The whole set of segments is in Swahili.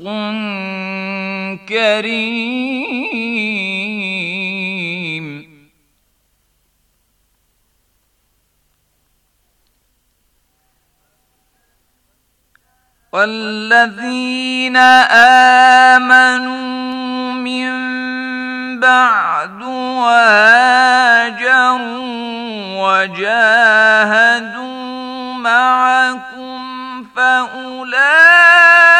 رزق كريم والذين امنوا من بعد وهاجروا وجاهدوا معكم فاولئك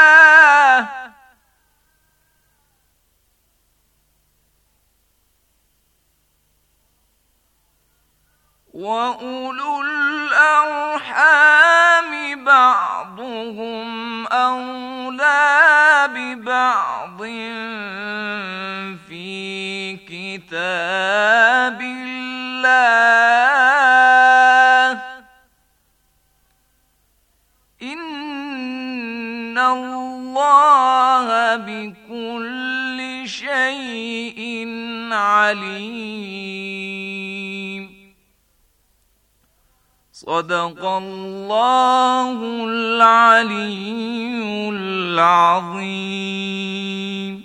وأولو الأرحام بعضهم أولى ببعض في كتاب الله إن الله بكل شيء عليم Sadaqallahul aliyyul azim.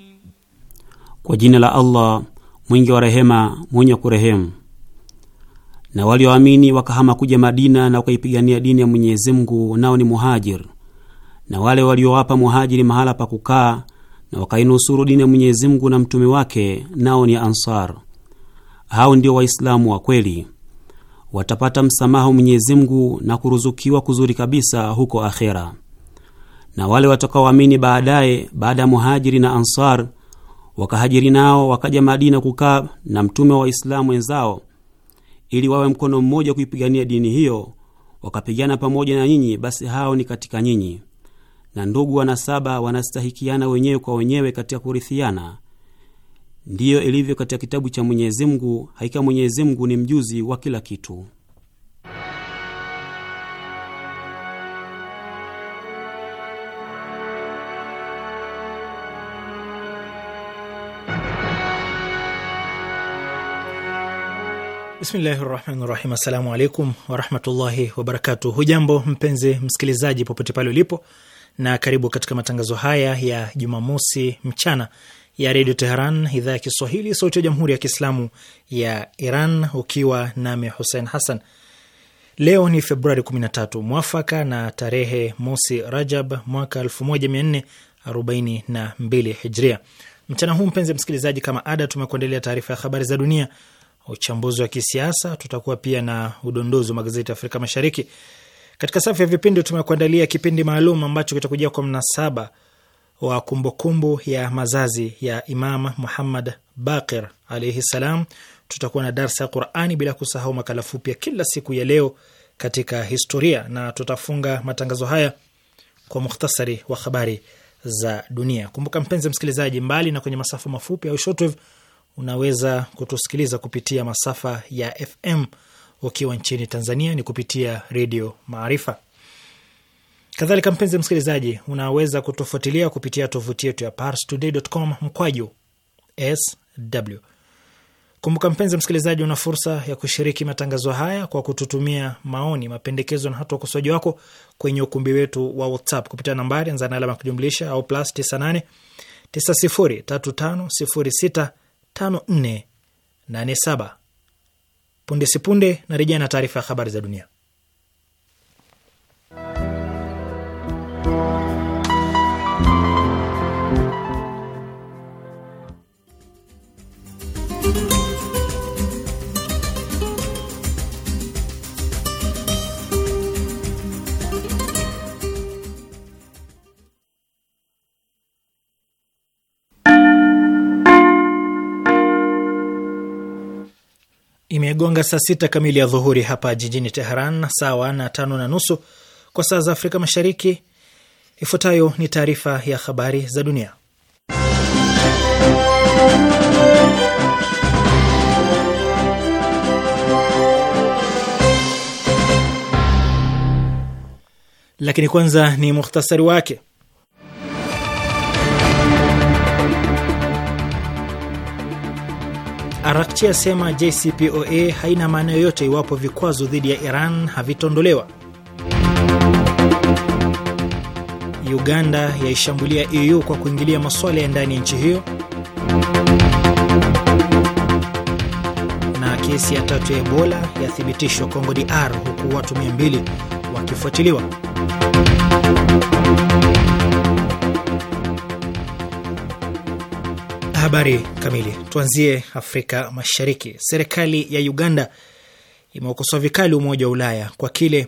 Kwa jina la Allah mwingi wa rehema mwenye kurehemu. Na walioamini wa wakahama kuja Madina na wakaipigania dini ya Mwenyezi Mungu, nao ni muhajir na wale waliowapa muhajiri mahala pa kukaa na wakainusuru dini ya Mwenyezi Mungu na mtume wake, nao ni ansar. Hao ndio Waislamu wa kweli watapata msamaha Mwenyezi Mungu na kuruzukiwa kuzuri kabisa huko akhera. Na wale watakaoamini baadaye, baada ya Muhajiri na Ansar wakahajiri nao wakaja Madina kukaa na mtume wa Waislamu wenzao ili wawe mkono mmoja kuipigania dini hiyo, wakapigana pamoja na nyinyi, basi hao ni katika nyinyi, na ndugu wanasaba wanastahikiana wenyewe kwa wenyewe katika kurithiana Ndiyo ilivyo katika kitabu cha Mwenyezi Mungu, hakika Mwenyezi Mungu ni mjuzi wa kila kitu. Bismillahi rahmani rahim. Assalamu alaikum warahmatullahi wabarakatu Hujambo mpenzi msikilizaji, popote pale ulipo, na karibu katika matangazo haya ya Jumamosi mchana ya Redio Teheran, idhaa ya Kiswahili, sauti ya Jamhuri ya Kiislamu ya Iran, ukiwa nami Hussein Hassan. Leo ni Februari 13 mwafaka na tarehe mosi Rajab mwaka 1442 Hijria. Mchana huu mpenzi msikilizaji, kama ada, tumekuandalia taarifa ya habari za dunia, uchambuzi wa kisiasa, tutakuwa pia na udondozi wa magazeti ya Afrika Mashariki. Katika safu ya vipindi tumekuandalia kipindi maalum ambacho kitakujia kwa mnasaba wa kumbukumbu ya mazazi ya Imam Muhammad Baqir alaihi salam. Tutakuwa na darsa ya Qurani, bila kusahau makala fupi ya kila siku ya leo katika historia, na tutafunga matangazo haya kwa mukhtasari wa habari za dunia. Kumbuka mpenzi msikilizaji, mbali na kwenye masafa mafupi au shortwave, unaweza kutusikiliza kupitia masafa ya FM ukiwa nchini Tanzania ni kupitia Redio Maarifa. Kadhalika mpenzi msikilizaji, unaweza kutufuatilia kupitia tovuti yetu ya parstoday.com mkwaju sw. Kumbuka mpenzi msikilizaji, una fursa ya kushiriki matangazo haya kwa kututumia maoni, mapendekezo na hata ukosoaji wako kwenye ukumbi wetu wa WhatsApp kupitia nambari anza na alama ya kujumlisha au plus 98 9035065487. Punde sipunde rejea na taarifa ya habari za dunia. Imegonga saa sita kamili ya dhuhuri hapa jijini Teheran, sawa na tano na nusu kwa saa za Afrika Mashariki. Ifuatayo ni taarifa ya habari za dunia, lakini kwanza ni muhtasari wake. Arakchi asema JCPOA haina maana yoyote iwapo vikwazo dhidi ya Iran havitondolewa. Uganda yaishambulia EU kwa kuingilia masuala ya ndani ya nchi hiyo. Na kesi ya tatu ya Ebola yathibitishwa Kongo DR, huku watu 200 wakifuatiliwa. habari kamili. Tuanzie Afrika Mashariki. Serikali ya Uganda imeukosoa vikali Umoja wa Ulaya kwa kile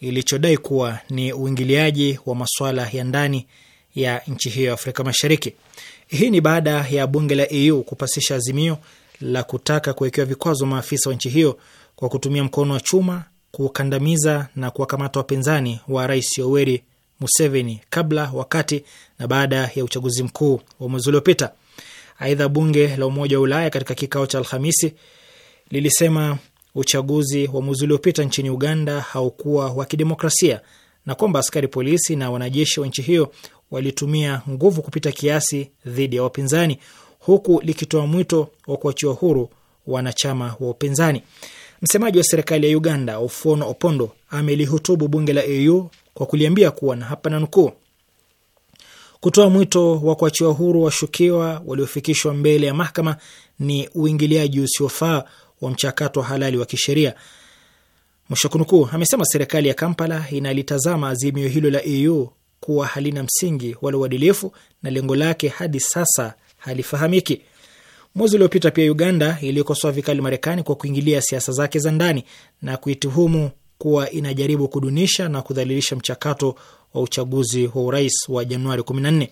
ilichodai kuwa ni uingiliaji wa masuala ya ndani ya nchi hiyo ya Afrika Mashariki. Hii ni baada ya bunge la EU kupasisha azimio la kutaka kuwekewa vikwazo maafisa wa nchi hiyo kwa kutumia mkono wa chuma kukandamiza na kuwakamata wapinzani wa Rais Yoweri Museveni kabla, wakati na baada ya uchaguzi mkuu wa mwezi uliopita. Aidha, bunge la Umoja wa Ulaya katika kikao cha Alhamisi lilisema uchaguzi wa mwezi uliopita nchini Uganda haukuwa wa kidemokrasia na kwamba askari polisi na wanajeshi wa nchi hiyo walitumia nguvu kupita kiasi dhidi ya wapinzani, huku likitoa mwito wa kuachiwa huru wanachama wa upinzani. Msemaji wa serikali ya Uganda, Ofuono Opondo, amelihutubu bunge la AU kwa kuliambia kuwa na hapa na nukuu Kutoa mwito wa kuachiwa huru washukiwa waliofikishwa mbele ya mahakama ni uingiliaji usiofaa wa mchakato halali wa kisheria. Mshakunukuu amesema serikali ya Kampala inalitazama azimio hilo la EU kuwa halina msingi wala uadilifu na lengo lake hadi sasa halifahamiki. Mwezi uliopita pia Uganda ilikosoa vikali Marekani kwa kuingilia siasa zake za ndani na kuituhumu kuwa inajaribu kudunisha na kudhalilisha mchakato wa uchaguzi wa urais wa Januari 14.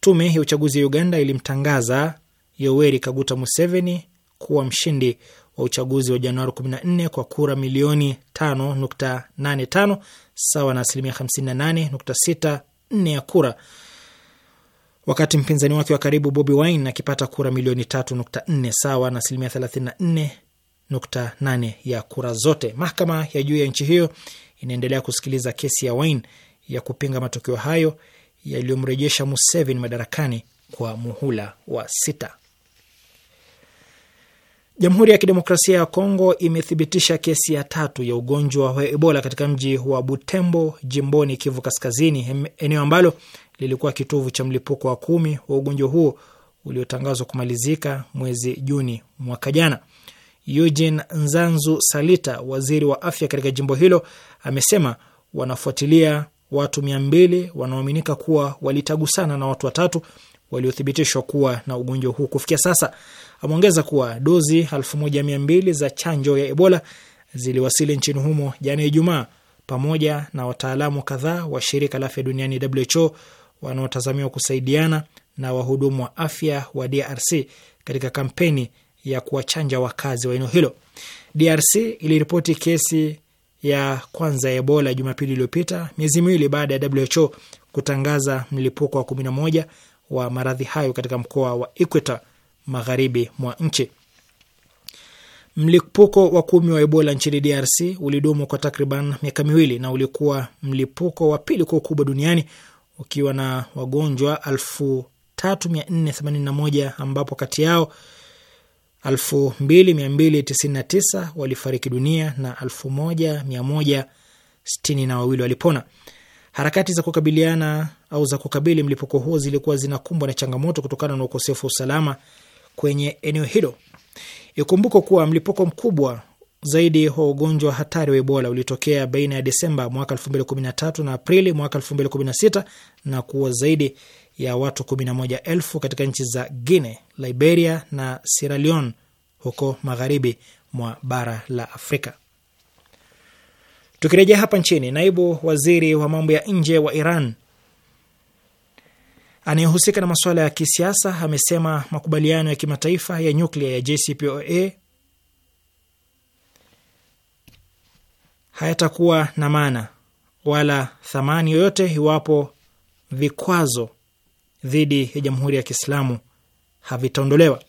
Tume ya uchaguzi ya Uganda ilimtangaza Yoweri Kaguta Museveni kuwa mshindi wa uchaguzi wa Januari 14 kwa kura milioni 5.85 sawa na asilimia 58.64 ya kura, wakati mpinzani wake wa karibu Bobi Wine akipata kura milioni 3.4 sawa na asilimia 34 nukta nane ya kura zote. Mahakama ya juu ya nchi hiyo inaendelea kusikiliza kesi ya Wine ya kupinga matokeo hayo yaliyomrejesha Museveni madarakani kwa muhula wa sita. Jamhuri ya Kidemokrasia ya Kongo imethibitisha kesi ya tatu ya ugonjwa wa Ebola katika mji wa Butembo, jimboni Kivu Kaskazini, eneo ambalo lilikuwa kitovu cha mlipuko wa kumi wa ugonjwa huo uliotangazwa kumalizika mwezi Juni mwaka jana. Eugene Nzanzu Salita, waziri wa afya katika jimbo hilo, amesema wanafuatilia watu mia mbili wanaoaminika kuwa walitagusana na watu watatu waliothibitishwa kuwa na ugonjwa huu kufikia sasa. Ameongeza kuwa dozi elfu moja mia mbili za chanjo ya Ebola ziliwasili nchini humo jana Ijumaa, pamoja na wataalamu kadhaa wa shirika la afya duniani WHO wanaotazamiwa kusaidiana na wahudumu wa afya wa DRC katika kampeni ya kuwachanja wakazi wa eneo hilo. DRC iliripoti kesi ya kwanza ya Ebola Jumapili iliyopita, miezi miwili baada ya WHO kutangaza mlipuko wa 11 wa maradhi hayo katika mkoa wa Equator magharibi mwa nchi. Mlipuko wa kumi wa Ebola nchini DRC ulidumu kwa takriban miaka miwili na ulikuwa mlipuko wa pili kwa ukubwa duniani ukiwa na wagonjwa 3481 ambapo kati yao 2299 walifariki dunia na 1162 walipona. Harakati za kukabiliana au za kukabili mlipuko huo zilikuwa zinakumbwa na changamoto kutokana na ukosefu wa usalama kwenye eneo hilo. Ikumbuko kuwa mlipuko mkubwa zaidi wa ugonjwa hatari wa Ebola ulitokea baina ya Desemba mwaka 2013 na Aprili mwaka 2016 na kuwa zaidi ya watu 11,000 katika nchi za Guinea, Liberia na Sierra Leone huko magharibi mwa bara la Afrika. Tukirejea hapa nchini, naibu waziri wa mambo ya nje wa Iran anayehusika na masuala ya kisiasa amesema makubaliano ya kimataifa ya nyuklia ya JCPOA hayatakuwa na maana wala thamani yoyote iwapo vikwazo dhidi ya Jamhuri ya Kiislamu havitaondolewa.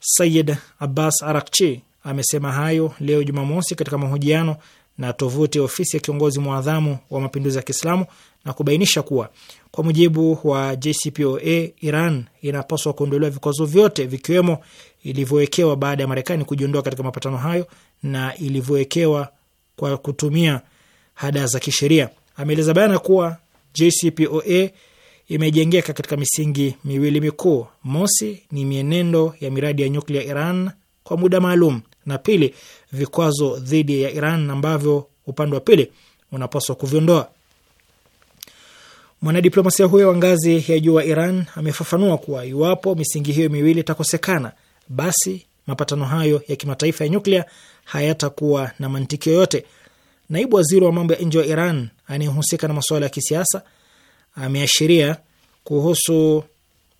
Sayid Abbas Arakchi amesema hayo leo Jumamosi katika mahojiano na tovuti ya ofisi ya kiongozi mwadhamu wa mapinduzi ya Kiislamu na kubainisha kuwa kwa mujibu wa JCPOA Iran inapaswa kuondolewa vikwazo vyote vikiwemo ilivyowekewa baada ya Marekani kujiondoa katika mapatano hayo na ilivyowekewa kwa kutumia hada za kisheria. Ameeleza bayana kuwa JCPOA imejengeka katika misingi miwili mikuu. Mosi ni mienendo ya miradi ya nyuklia Iran kwa muda maalum, na pili, vikwazo dhidi ya Iran ambavyo upande wa pili unapaswa kuviondoa. Mwanadiplomasia huyo wa ngazi ya juu wa Iran amefafanua kuwa iwapo misingi hiyo miwili itakosekana, basi mapatano hayo ya kimataifa ya nyuklia hayatakuwa na mantiki yoyote. Naibu waziri wa mambo ya nje wa Iran anayehusika na masuala ya kisiasa ameashiria kuhusu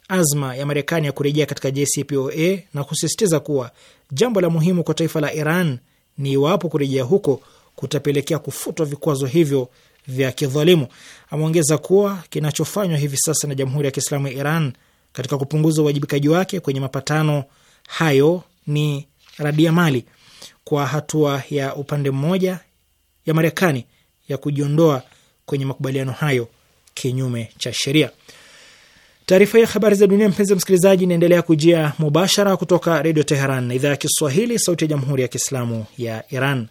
azma ya Marekani ya kurejea katika JCPOA na kusisitiza kuwa jambo la muhimu kwa taifa la Iran ni iwapo kurejea huko kutapelekea kufutwa vikwazo hivyo vya kidhalimu. Ameongeza kuwa kinachofanywa hivi sasa na Jamhuri ya Kiislamu ya Iran katika kupunguza uwajibikaji wake kwenye mapatano hayo ni radia mali kwa hatua ya upande mmoja ya Marekani ya kujiondoa kwenye makubaliano hayo kinyume cha sheria. Taarifa ya habari za dunia, mpenzi msikilizaji, inaendelea kujia mubashara kutoka Redio Teheran na idhaa ya Kiswahili, sauti ya jamhuri ya kiislamu ya Iran.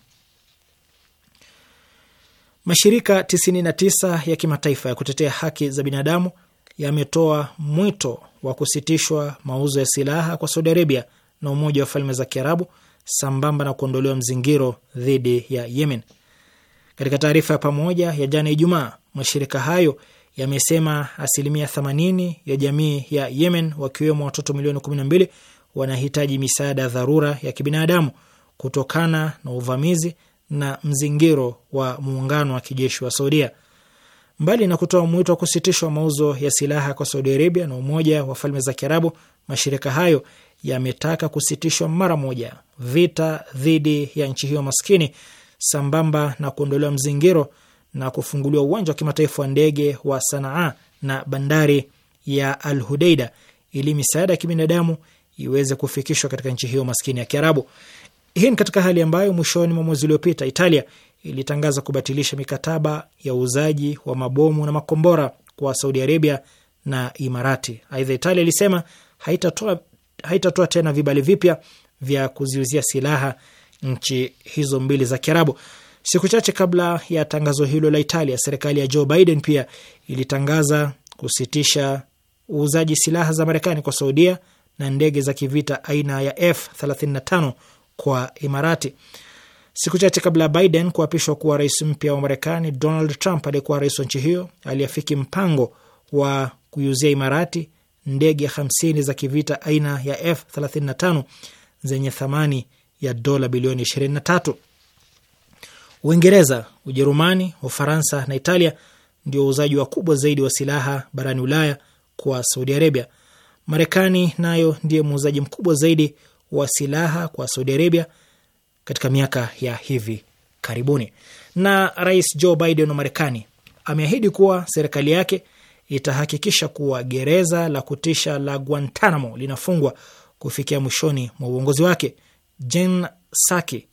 Mashirika 99 ya kimataifa ya kutetea haki za binadamu yametoa mwito wa kusitishwa mauzo ya silaha kwa Saudi Arabia na Umoja wa Falme za Kiarabu sambamba na kuondolewa mzingiro dhidi ya Yemen. Katika taarifa ya pamoja ya jana Ijumaa, mashirika hayo yamesema asilimia 80 ya jamii ya Yemen, wakiwemo watoto milioni 12 wanahitaji misaada ya dharura ya kibinadamu kutokana na uvamizi na mzingiro wa muungano wa kijeshi wa Saudia. Mbali na kutoa mwito wa kusitishwa mauzo ya silaha kwa Saudi Arabia na Umoja wa Falme za Kiarabu, mashirika hayo yametaka kusitishwa mara moja vita dhidi ya nchi hiyo maskini sambamba na kuondolewa mzingiro na kufunguliwa uwanja wa kimataifa wa ndege wa Sanaa na bandari ya Al Hudeida ili misaada ya kibinadamu iweze kufikishwa katika nchi hiyo maskini ya Kiarabu. Hii ni katika hali ambayo mwishoni mwa mwezi uliopita Italia ilitangaza kubatilisha mikataba ya uuzaji wa mabomu na makombora kwa Saudi Arabia na Imarati. Aidha, Italia ilisema haitatoa haitatoa tena vibali vipya vya kuziuzia silaha nchi hizo mbili za Kiarabu. Siku chache kabla ya tangazo hilo la Italia, serikali ya Joe Biden pia ilitangaza kusitisha uuzaji silaha za Marekani kwa Saudia na ndege za kivita aina ya F35 kwa Imarati. Siku chache kabla ya Biden kuapishwa kuwa rais mpya wa Marekani, Donald Trump aliyekuwa rais wa nchi hiyo aliafiki mpango wa kuiuzia Imarati ndege 50 za kivita aina ya F35 zenye thamani ya dola bilioni 23. Uingereza, Ujerumani, Ufaransa na Italia ndio wauzaji wakubwa zaidi wa silaha barani Ulaya kwa Saudi Arabia. Marekani nayo ndiye muuzaji mkubwa zaidi wa silaha kwa Saudi Arabia katika miaka ya hivi karibuni. Na Rais Joe Biden wa Marekani ameahidi kuwa serikali yake itahakikisha kuwa gereza la kutisha la Guantanamo linafungwa kufikia mwishoni mwa uongozi wake. Jen Psaki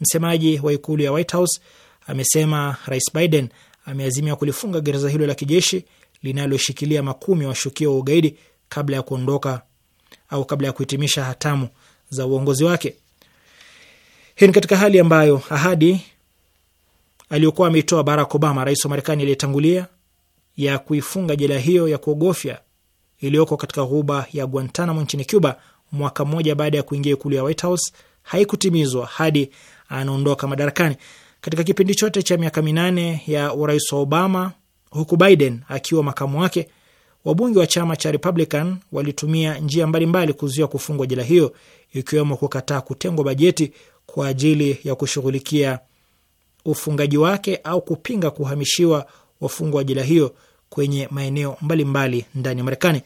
Msemaji wa ikulu ya White House amesema Rais Biden ameazimia kulifunga gereza hilo la kijeshi linaloshikilia makumi wa washukiwa wa ugaidi kabla ya kuondoka au kabla ya kuhitimisha hatamu za uongozi wake. Hii ni katika hali ambayo ahadi aliyokuwa ameitoa Barack Obama, rais wa Marekani aliyetangulia, ya kuifunga jela hiyo ya kuogofya iliyoko katika ghuba ya Guantanamo nchini Cuba mwaka mmoja baada ya kuingia ikulu ya White House haikutimizwa hadi anaondoka madarakani. Katika kipindi chote cha miaka minane ya urais wa Obama, huku Biden akiwa makamu wake, wabunge wa chama cha Republican walitumia njia mbalimbali mbali kuzuia kufungwa jela hiyo, ikiwemo kukataa kutengwa bajeti kwa ajili ya kushughulikia ufungaji wake au kupinga kuhamishiwa wafungwa wa jela hiyo kwenye maeneo mbalimbali ndani ya Marekani.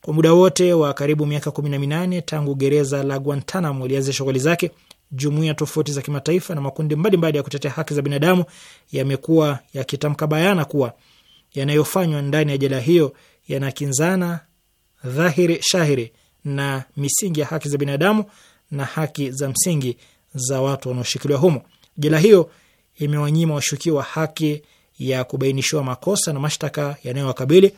Kwa muda wote wa karibu miaka kumi na minane tangu gereza la Guantanamo lianze shughuli zake, jumuiya tofauti za kimataifa na makundi mbalimbali ya kutetea haki za binadamu yamekuwa yakitamka bayana kuwa yanayofanywa ndani ya jela hiyo yanakinzana dhahiri shahiri na misingi ya haki za binadamu na haki za msingi za watu wanaoshikiliwa humo. Jela hiyo imewanyima washukiwa haki ya kubainishiwa makosa na mashtaka yanayowakabili,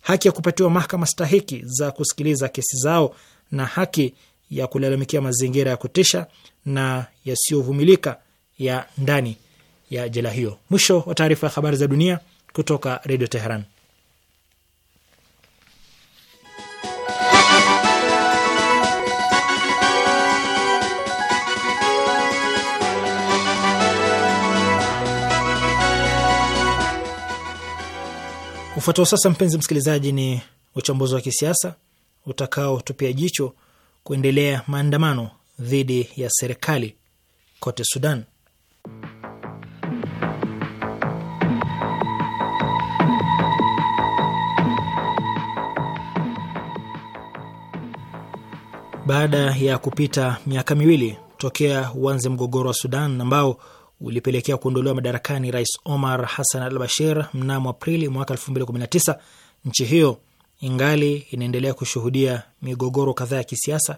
haki ya kupatiwa mahakama stahiki za kusikiliza kesi zao na haki ya kulalamikia mazingira ya kutisha na yasiyovumilika ya ndani ya jela hiyo. Mwisho wa taarifa ya habari za dunia kutoka Redio Teheran. Ufuatao sasa, mpenzi msikilizaji, ni uchambuzi wa kisiasa utakaotupia jicho kuendelea maandamano dhidi ya serikali kote Sudan. Baada ya kupita miaka miwili tokea uanze mgogoro wa Sudan ambao ulipelekea kuondolewa madarakani Rais Omar Hassan al Bashir mnamo Aprili mwaka 2019, nchi hiyo ingali inaendelea kushuhudia migogoro kadhaa ya kisiasa,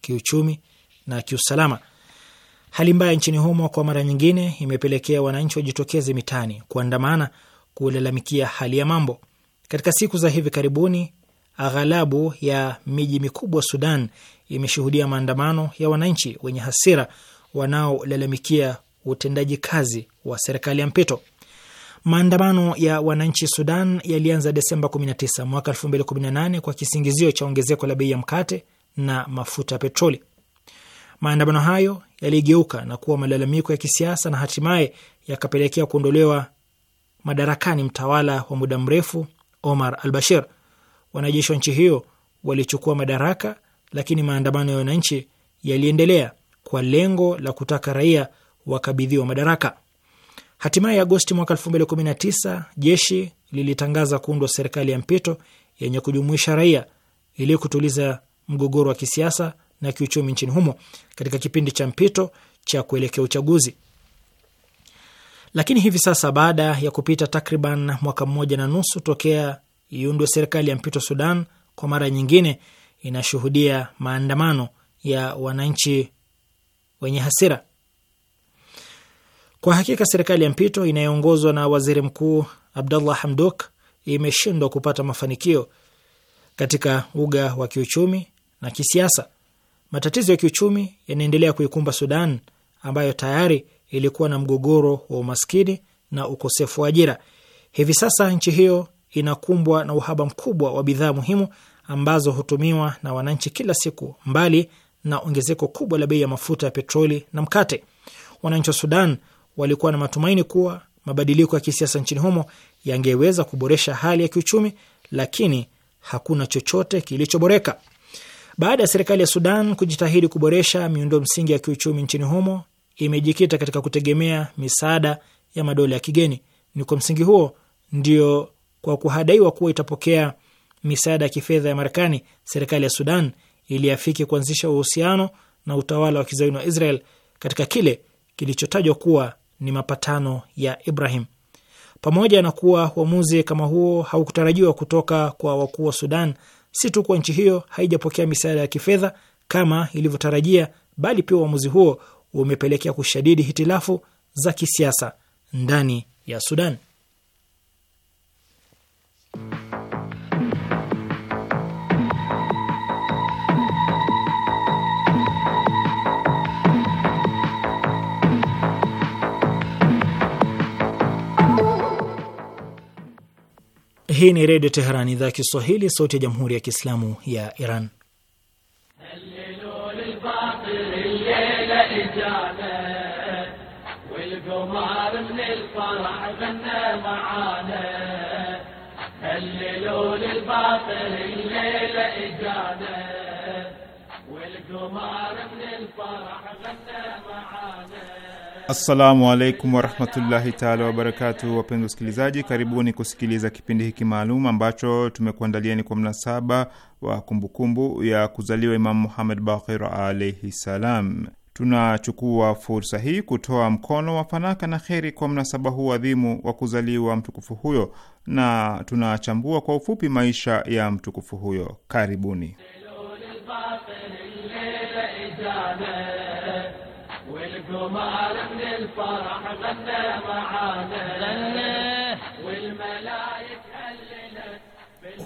kiuchumi na kiusalama. Hali mbaya nchini humo kwa mara nyingine imepelekea wananchi wajitokeze mitaani kuandamana kulalamikia hali ya mambo. Katika siku za hivi karibuni, aghalabu ya miji mikubwa Sudan imeshuhudia maandamano ya wananchi wenye hasira wanaolalamikia utendaji kazi wa serikali ya mpito. Maandamano ya wananchi Sudan yalianza Desemba 19 mwaka 2018 kwa kisingizio cha ongezeko la bei ya mkate na mafuta ya petroli. Maandamano hayo yaligeuka na kuwa malalamiko ya kisiasa na hatimaye yakapelekea kuondolewa madarakani mtawala wa muda mrefu Omar al Bashir. Wanajeshi wa nchi hiyo walichukua madaraka, lakini maandamano ya wananchi yaliendelea kwa lengo la kutaka raia wakabidhiwa madaraka. Hatimaye Agosti mwaka 2019 jeshi lilitangaza kuundwa serikali ya mpito yenye kujumuisha raia ili kutuliza mgogoro wa kisiasa na kiuchumi nchini humo katika kipindi cha mpito cha kuelekea uchaguzi. Lakini hivi sasa baada ya kupita takriban mwaka mmoja na nusu tokea iundwe serikali ya mpito Sudan, kwa mara nyingine inashuhudia maandamano ya wananchi wenye hasira kwa hakika serikali ya mpito inayoongozwa na waziri mkuu Abdallah Hamdok imeshindwa kupata mafanikio katika uga wa kiuchumi na kisiasa. Matatizo ya kiuchumi yanaendelea kuikumba Sudan ambayo tayari ilikuwa na mgogoro wa umaskini na ukosefu wa ajira. Hivi sasa nchi hiyo inakumbwa na uhaba mkubwa wa bidhaa muhimu ambazo hutumiwa na wananchi kila siku, mbali na ongezeko kubwa la bei ya mafuta ya petroli na mkate. Wananchi wa Sudan walikuwa na matumaini kuwa mabadiliko ya kisiasa nchini humo yangeweza kuboresha hali ya kiuchumi, lakini hakuna chochote kilichoboreka. Baada ya serikali ya Sudan kujitahidi kuboresha miundo msingi ya kiuchumi nchini humo, imejikita katika kutegemea misaada ya madola ya kigeni. Ni kwa msingi huo ndio, kwa kuhadaiwa kuwa itapokea misaada ya kifedha ya Marekani, serikali ya Sudan iliafiki kuanzisha uhusiano na utawala wa kizayuni wa Israel katika kile kilichotajwa kuwa ni mapatano ya Ibrahim. Pamoja na kuwa uamuzi kama huo haukutarajiwa kutoka kwa wakuu wa Sudan, si tu kuwa nchi hiyo haijapokea misaada ya kifedha kama ilivyotarajia, bali pia uamuzi huo umepelekea kushadidi hitilafu za kisiasa ndani ya Sudan. Hii ni Redio Teheran, idhaa Kiswahili, sauti ya Jamhuri ya Kiislamu ya Iran. Assalamu alaikum warahmatullahi taala wabarakatu. Wapenzi wasikilizaji, karibuni kusikiliza kipindi hiki maalum ambacho tumekuandaliani kwa mnasaba wa kumbukumbu kumbu ya kuzaliwa Imamu Muhammad Baqir alaihi salam. Tunachukua fursa hii kutoa mkono wa fanaka na kheri kwa mnasaba huu adhimu wa kuzaliwa mtukufu huyo, na tunachambua kwa ufupi maisha ya mtukufu huyo. Karibuni. من الفرح غنى معانا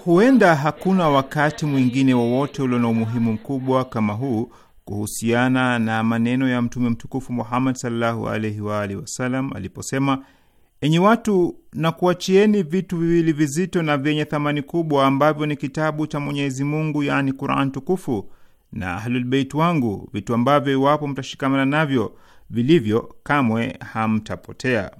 Huenda hakuna wakati mwingine wowote ulio na umuhimu mkubwa kama huu kuhusiana na maneno ya Mtume mtukufu Muhammad sallallahu alaihi wa alihi wasallam aliposema, enyi watu, na kuachieni vitu viwili vizito na vyenye thamani kubwa ambavyo ni kitabu cha Mwenyezi Mungu, yani Quran tukufu na Ahlulbeit wangu, vitu ambavyo iwapo mtashikamana navyo vilivyo, kamwe hamtapotea.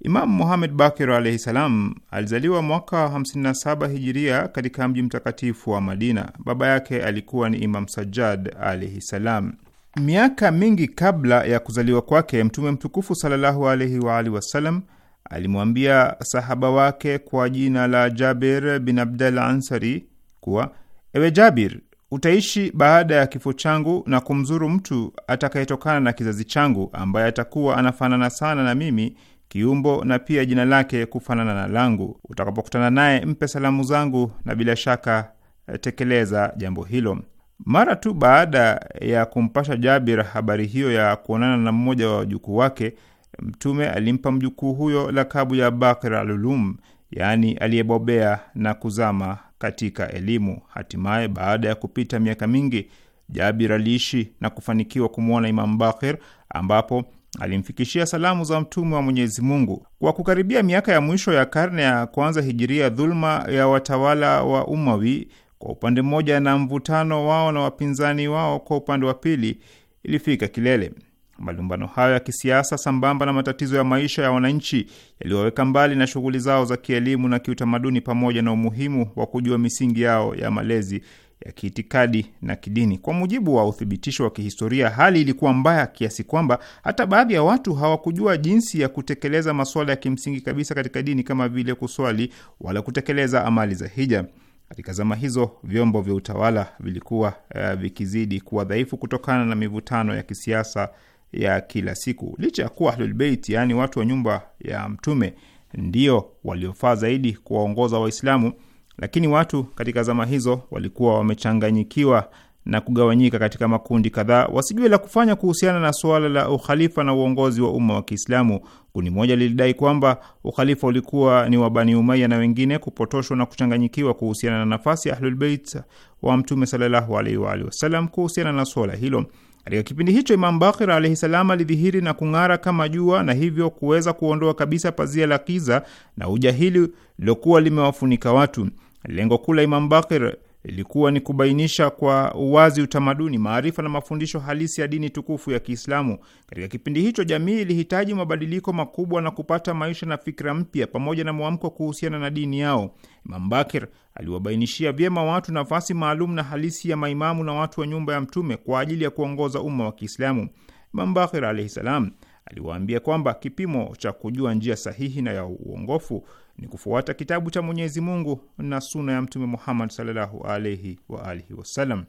Imamu Muhamed Bakir alaihi salam alizaliwa mwaka 57 hijiria katika mji mtakatifu wa Madina. Baba yake alikuwa ni Imam Sajjad alaihi salam. Miaka mingi kabla ya kuzaliwa kwake, Mtume mtukufu sallallahu alaihi alihi wasalam alimwambia sahaba wake kwa jina la Jabir bin Abdal Ansari kuwa, ewe Jabir, utaishi baada ya kifo changu na kumzuru mtu atakayetokana na kizazi changu ambaye atakuwa anafanana sana na mimi kiumbo na pia jina lake kufanana na langu. Utakapokutana naye mpe salamu zangu, na bila shaka eh, tekeleza jambo hilo. Mara tu baada ya kumpasha Jabir habari hiyo ya kuonana na mmoja wa wajukuu wake, Mtume alimpa mjukuu huyo lakabu ya Bakir Alulum, yaani aliyebobea na kuzama katika elimu. Hatimaye, baada ya kupita miaka mingi, Jabir aliishi na kufanikiwa kumwona imamu Bakir, ambapo alimfikishia salamu za mtume wa Mwenyezi Mungu. Kwa kukaribia miaka ya mwisho ya karne ya kwanza hijiria, dhuluma ya watawala wa Umawi kwa upande mmoja na mvutano wao na wapinzani wao kwa upande wa pili ilifika kilele. Malumbano hayo ya kisiasa sambamba na matatizo ya maisha ya wananchi yaliyoweka mbali na shughuli zao za kielimu na kiutamaduni, pamoja na umuhimu wa kujua misingi yao ya malezi ya kiitikadi na kidini. Kwa mujibu wa uthibitisho wa kihistoria, hali ilikuwa mbaya kiasi kwamba hata baadhi ya watu hawakujua jinsi ya kutekeleza masuala ya kimsingi kabisa katika dini kama vile kuswali wala kutekeleza amali za hija. Katika zama hizo vyombo vya utawala vilikuwa uh, vikizidi kuwa dhaifu kutokana na mivutano ya kisiasa ya kila siku. Licha ya kuwa Ahlulbeit, yaani watu wa nyumba ya Mtume, ndio waliofaa zaidi kuwaongoza Waislamu, lakini watu katika zama hizo walikuwa wamechanganyikiwa na kugawanyika katika makundi kadhaa, wasijue la kufanya kuhusiana na suala la ukhalifa na uongozi wa umma wa Kiislamu. Kundi moja lilidai kwamba ukhalifa ulikuwa ni wa Bani Umayya na wengine kupotoshwa na kuchanganyikiwa kuhusiana na nafasi ya Ahlulbeit wa Mtume sallallahu alaihi wa alihi wasallam kuhusiana na suala hilo. Katika kipindi hicho Imam Bakir alaihi salam alidhihiri na kung'ara kama jua na hivyo kuweza kuondoa kabisa pazia la kiza na ujahili lilokuwa limewafunika watu. Lengo kuu la Imam Bakir ilikuwa ni kubainisha kwa uwazi utamaduni, maarifa na mafundisho halisi ya dini tukufu ya Kiislamu. Katika kipindi hicho, jamii ilihitaji mabadiliko makubwa na kupata maisha na fikra mpya pamoja na mwamko kuhusiana na dini yao. Imam Bakir aliwabainishia vyema watu nafasi maalum na halisi ya maimamu na watu wa nyumba ya Mtume kwa ajili ya kuongoza umma wa Kiislamu. Imam Bakir alaihi salam aliwaambia kwamba kipimo cha kujua njia sahihi na ya uongofu ni kufuata kitabu cha Mwenyezi Mungu na suna ya Mtume Muhammad sallallahu alaihi wa alihi wasallam.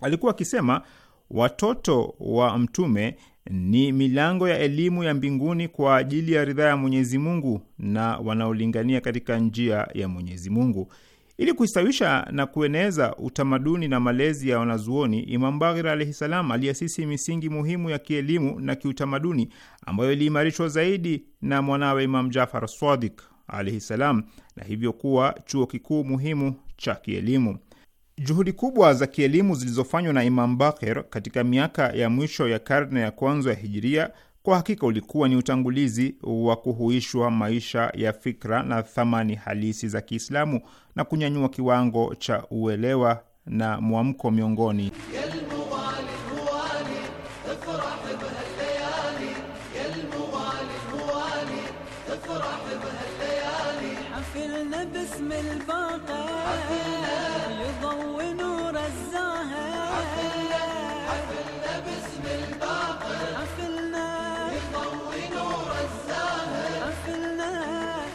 Alikuwa akisema watoto wa Mtume ni milango ya elimu ya mbinguni kwa ajili ya ridhaa ya Mwenyezi Mungu na wanaolingania katika njia ya Mwenyezi Mungu. Ili kuistawisha na kueneza utamaduni na malezi ya wanazuoni, Imam Baghir alaihi salam aliasisi misingi muhimu ya kielimu na kiutamaduni ambayo iliimarishwa zaidi na mwanawe Imam Jafar Swadik alaihi salam, na hivyo kuwa chuo kikuu muhimu cha kielimu. Juhudi kubwa za kielimu zilizofanywa na Imam Bakir katika miaka ya mwisho ya karne ya kwanza ya Hijiria kwa hakika ulikuwa ni utangulizi wa kuhuishwa maisha ya fikra na thamani halisi za Kiislamu na kunyanyua kiwango cha uelewa na mwamko miongoni اسم الفاقر يضوي نور الزاهر حفلنا باسم الباقى حفلنا يضوي نور الزاهر حفلنا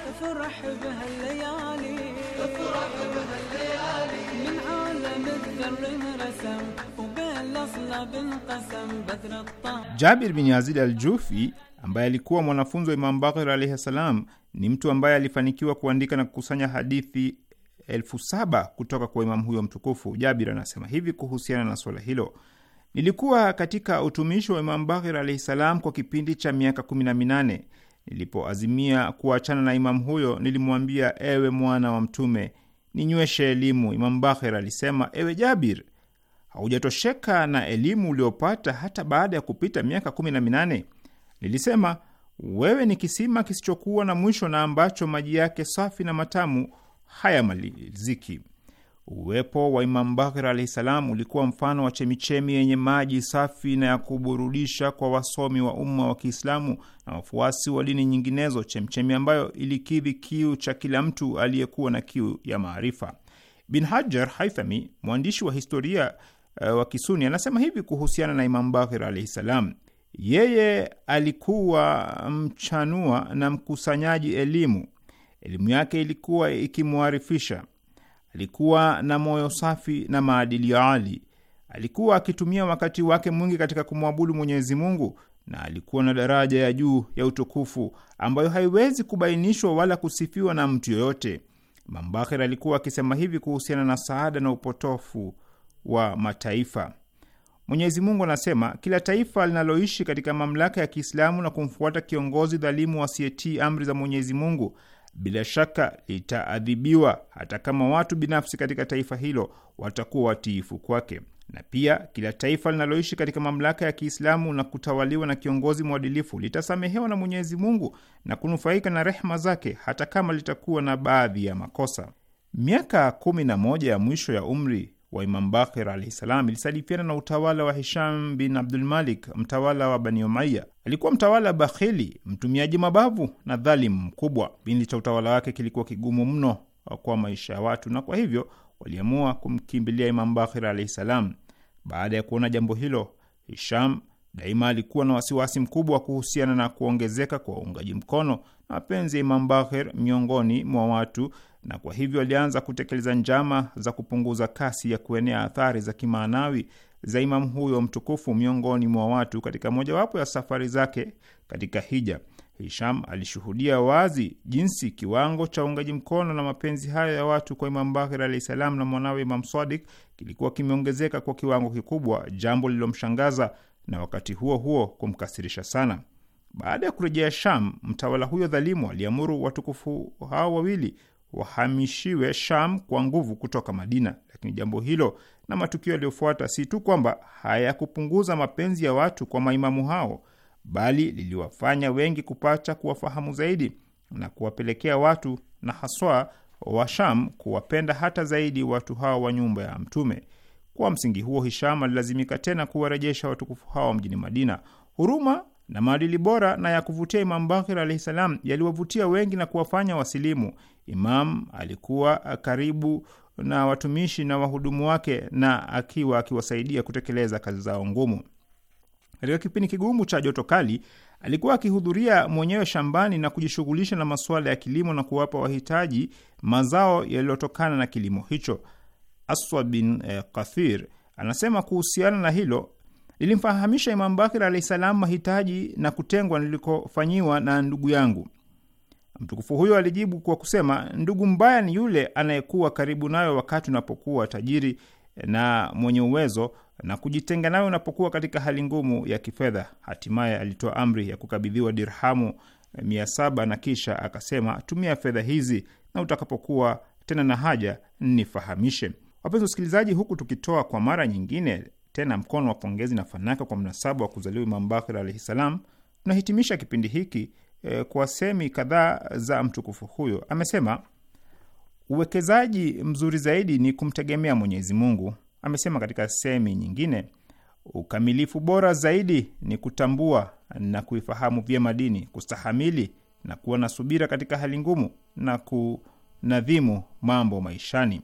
افرح بهالليالي افرح بهالليالي من عالم الذر انرسم وبين الاصلب انقسم بذر الطه جابر بن يزيد الجوفي ambaye alikuwa mwanafunzi wa Imam Bakir alayhi salam ni mtu ambaye alifanikiwa kuandika na kukusanya hadithi elfu saba kutoka kwa imamu huyo mtukufu. Jabir anasema hivi kuhusiana na swala hilo: nilikuwa katika utumishi wa Imamu Baghir alahi salam kwa kipindi cha miaka kumi na minane. Nilipoazimia kuachana na imamu huyo, nilimwambia, ewe mwana wa Mtume, ninyweshe elimu. Imamu Baghir alisema, ewe Jabir, haujatosheka na elimu uliopata hata baada ya kupita miaka kumi na minane? Nilisema, wewe ni kisima kisichokuwa na mwisho na ambacho maji yake safi na matamu hayamaliziki. Uwepo wa Imam Bakir alahi salam ulikuwa mfano wa chemichemi yenye maji safi na ya kuburudisha kwa wasomi wa umma wa Kiislamu na wafuasi wa dini nyinginezo, chemichemi ambayo ilikidhi kiu cha kila mtu aliyekuwa na kiu ya maarifa. Bin Hajar Haithami, mwandishi wa historia uh, wa Kisuni, anasema hivi kuhusiana na Imam Bakir alahi salam: yeye alikuwa mchanua na mkusanyaji elimu. Elimu yake ilikuwa ikimwarifisha. Alikuwa na moyo safi na maadili ya ali. Alikuwa akitumia wakati wake mwingi katika kumwabudu Mwenyezi Mungu, na alikuwa na daraja ya juu ya utukufu ambayo haiwezi kubainishwa wala kusifiwa na mtu yoyote. Mambakhir alikuwa akisema hivi kuhusiana na saada na upotofu wa mataifa: Mwenyezi Mungu anasema, kila taifa linaloishi katika mamlaka ya Kiislamu na kumfuata kiongozi dhalimu asiyetii amri za Mwenyezi Mungu bila shaka litaadhibiwa, hata kama watu binafsi katika taifa hilo watakuwa watiifu kwake. Na pia kila taifa linaloishi katika mamlaka ya Kiislamu na kutawaliwa na kiongozi mwadilifu litasamehewa na Mwenyezi Mungu na kunufaika na rehma zake, hata kama litakuwa na baadhi ya makosa. Miaka kumi na moja ya mwisho ya umri wa Imam Bakir alahi salam ilisadifiana na utawala wa Hisham bin Abdulmalik, mtawala wa Bani Umaya. Alikuwa mtawala bakhili, mtumiaji mabavu na dhalimu mkubwa. Kipindi cha utawala wake kilikuwa kigumu mno kwa maisha ya watu, na kwa hivyo waliamua kumkimbilia Imam Bakir alahi salam. Baada ya kuona jambo hilo, Hisham daima alikuwa na wasiwasi mkubwa kuhusiana na kuongezeka kwa uungaji mkono na mapenzi ya Imam Bakir miongoni mwa watu na kwa hivyo alianza kutekeleza njama za kupunguza kasi ya kuenea athari za kimaanawi za imamu huyo mtukufu miongoni mwa watu. Katika mojawapo ya safari zake katika hija, Hisham alishuhudia wazi jinsi kiwango cha uungaji mkono na mapenzi hayo ya watu kwa Imamu Bakir alahi salam na mwanawe Imamu Sadik kilikuwa kimeongezeka kwa kiwango kikubwa, jambo lililomshangaza na wakati huo huo kumkasirisha sana. Baada ya kurejea Sham, mtawala huyo dhalimu aliamuru watukufu hao wawili wahamishiwe Sham kwa nguvu kutoka Madina. Lakini jambo hilo na matukio yaliyofuata si tu kwamba hayakupunguza mapenzi ya watu kwa maimamu hao, bali liliwafanya wengi kupata kuwafahamu zaidi na kuwapelekea watu na haswa wa Sham kuwapenda hata zaidi watu hao wa nyumba ya Mtume. Kwa msingi huo, Hisham alilazimika tena kuwarejesha watukufu hao mjini Madina. Huruma na maadili bora na ya kuvutia Imam Bakir alahi salam yaliwavutia wengi na kuwafanya wasilimu. Imam alikuwa karibu na watumishi na wahudumu wake na akiwa akiwasaidia kutekeleza kazi zao ngumu. Katika kipindi kigumu cha joto kali, alikuwa akihudhuria mwenyewe shambani na kujishughulisha na masuala ya kilimo na kuwapa wahitaji mazao yaliyotokana na kilimo hicho. Aswa bin eh, Kathir anasema kuhusiana na hilo, lilimfahamisha Imam Bakir alahi salam mahitaji na kutengwa nilikofanyiwa na ndugu yangu Mtukufu huyo alijibu kwa kusema, ndugu mbaya ni yule anayekuwa karibu nayo wakati unapokuwa tajiri na mwenye uwezo na kujitenga nayo unapokuwa katika hali ngumu ya kifedha. Hatimaye alitoa amri ya kukabidhiwa dirhamu mia saba na kisha akasema, tumia fedha hizi na utakapokuwa tena na haja nifahamishe. Wapenzi wasikilizaji, huku tukitoa kwa mara nyingine tena mkono wa pongezi na fanaka kwa mnasaba wa kuzaliwa Imam Bakir alaihi salam, tunahitimisha kipindi hiki e, kwa semi kadhaa za mtukufu huyo. Amesema uwekezaji mzuri zaidi ni kumtegemea Mwenyezi Mungu. Amesema katika semi nyingine, ukamilifu bora zaidi ni kutambua na kuifahamu vyema dini, kustahamili na kuwa na subira katika hali ngumu na kunadhimu mambo maishani.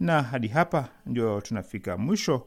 Na hadi hapa ndio tunafika mwisho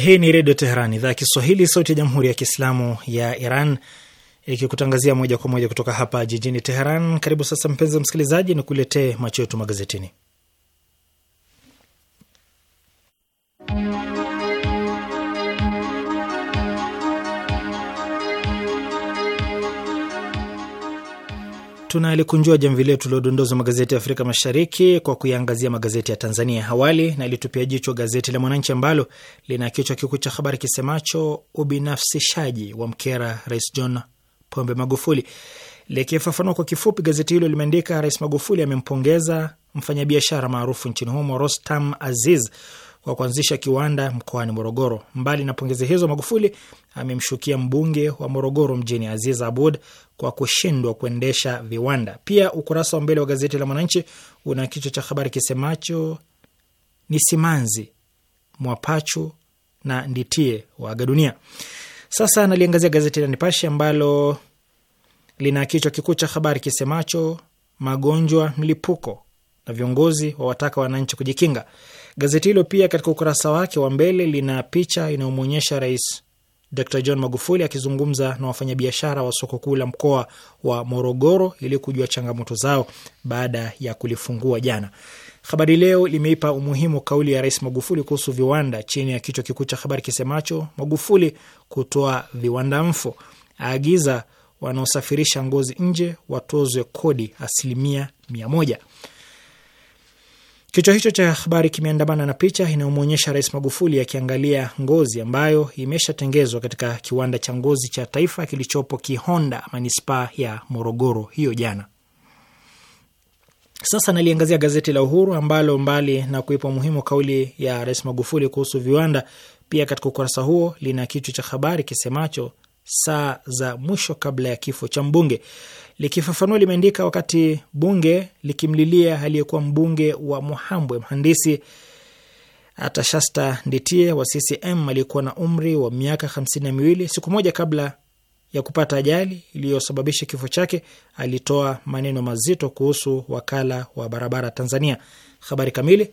Hii ni Redio Teheran, idhaa ya Kiswahili, sauti ya Jamhuri ya Kiislamu ya Iran, ikikutangazia moja kwa moja kutoka hapa jijini Teheran. Karibu sasa, mpenzi msikilizaji, ni kuletee macho yetu magazetini. tunalikunjua jamvi letu liodondoza magazeti ya Afrika Mashariki kwa kuiangazia magazeti ya Tanzania. Awali nalitupia jicho gazeti la Mwananchi ambalo lina kichwa kikuu cha habari kisemacho ubinafsishaji wa mkera Rais John Pombe Magufuli. Likifafanua kwa kifupi, gazeti hilo limeandika Rais Magufuli amempongeza mfanyabiashara maarufu nchini humo Rostam Aziz kwa kuanzisha kiwanda mkoani Morogoro. Mbali na pongezi hizo, Magufuli amemshukia mbunge wa Morogoro mjini Aziz Abud kwa kushindwa kuendesha viwanda. Pia ukurasa wa mbele wa gazeti la Mwananchi una kichwa cha habari kisemacho ni simanzi Mwapachu na Nditie waaga dunia. Sasa naliangazia gazeti la Nipashe ambalo lina kichwa kikuu cha habari kisemacho magonjwa mlipuko na viongozi wawataka wananchi kujikinga. Gazeti hilo pia katika ukurasa wake wa mbele lina picha inayomwonyesha Rais Dr John Magufuli akizungumza na wafanyabiashara wa soko kuu la mkoa wa Morogoro ili kujua changamoto zao baada ya kulifungua jana. Habari Leo limeipa umuhimu kauli ya Rais Magufuli kuhusu viwanda chini ya kichwa kikuu cha habari kisemacho Magufuli kutoa viwanda mfo aagiza wanaosafirisha ngozi nje watozwe kodi asilimia mia moja. Kichwa hicho cha habari kimeandamana na picha inayomwonyesha Rais Magufuli akiangalia ngozi ambayo imeshatengezwa katika kiwanda cha ngozi cha taifa kilichopo Kihonda, manispaa ya Morogoro hiyo jana. Sasa naliangazia gazeti la Uhuru ambalo mbali na kuipa umuhimu kauli ya Rais Magufuli kuhusu viwanda, pia katika ukurasa huo lina kichwa cha habari kisemacho saa za mwisho kabla ya kifo cha mbunge. Likifafanua limeandika wakati bunge likimlilia aliyekuwa mbunge wa Muhambwe mhandisi Atashasta Nditie wa CCM aliyekuwa na umri wa miaka hamsini na miwili, siku moja kabla ya kupata ajali iliyosababisha kifo chake, alitoa maneno mazito kuhusu wakala wa barabara Tanzania. Habari kamili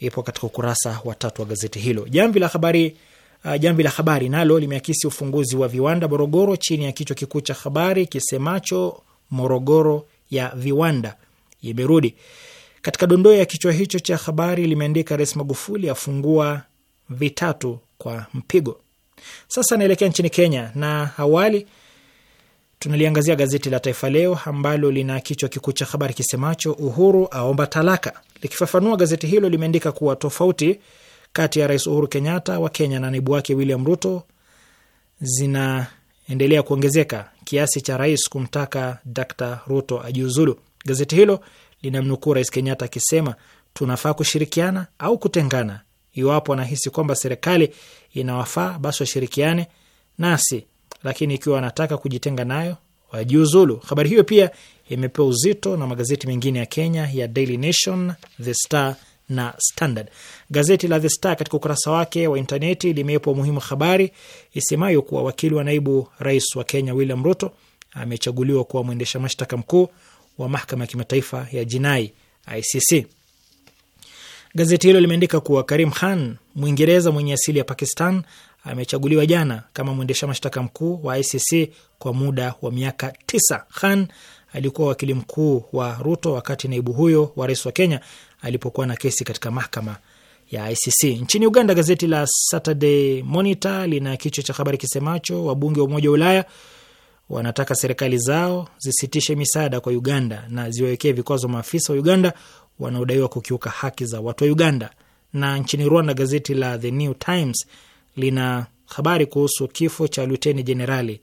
ipo katika ukurasa wa tatu wa gazeti hilo. Jamvi la habari Uh, Jamvi la Habari nalo limeakisi ufunguzi wa viwanda Morogoro chini ya kichwa kikuu cha habari kisemacho Morogoro ya viwanda imerudi. Katika dondoo ya kichwa hicho cha habari limeandika Rais Magufuli afungua vitatu kwa mpigo. Sasa naelekea nchini Kenya na awali tunaliangazia gazeti la Taifa Leo ambalo lina kichwa kikuu cha habari kisemacho Uhuru aomba talaka. Likifafanua, gazeti hilo limeandika kuwa tofauti kati ya Rais Uhuru Kenyatta wa Kenya na naibu wake William Ruto zinaendelea kuongezeka kiasi cha rais kumtaka Dr Ruto ajiuzulu. Gazeti hilo linamnukuu Rais Kenyatta akisema tunafaa kushirikiana au kutengana. Iwapo anahisi kwamba serikali inawafaa basi washirikiane nasi, lakini ikiwa wanataka kujitenga nayo wajiuzulu. Habari hiyo pia imepewa uzito na magazeti mengine ya Kenya ya Daily Nation, The Star na Standard. Gazeti la The Star katika ukurasa wake wa intaneti limewepa umuhimu habari isemayo kuwa wakili wa naibu rais wa Kenya William Ruto amechaguliwa kuwa mwendesha mashtaka mkuu wa mahakama ya kimataifa ya jinai ICC. Gazeti hilo limeandika kuwa Karim Khan, Mwingereza mwenye asili ya Pakistan, amechaguliwa jana kama mwendesha mashtaka mkuu wa ICC kwa muda wa miaka tisa. Khan alikuwa wakili mkuu wa Ruto wakati naibu huyo wa rais wa Kenya alipokuwa na kesi katika mahakama ya ICC. Nchini Uganda, gazeti la Saturday Monitor lina kichwa cha habari kisemacho wabunge wa Umoja wa Ulaya wanataka serikali zao zisitishe misaada kwa Uganda na ziwawekee vikwazo maafisa wa Uganda wanaodaiwa kukiuka haki za watu wa Uganda. Na nchini Rwanda, gazeti la The New Times lina habari kuhusu kifo cha luteni jenerali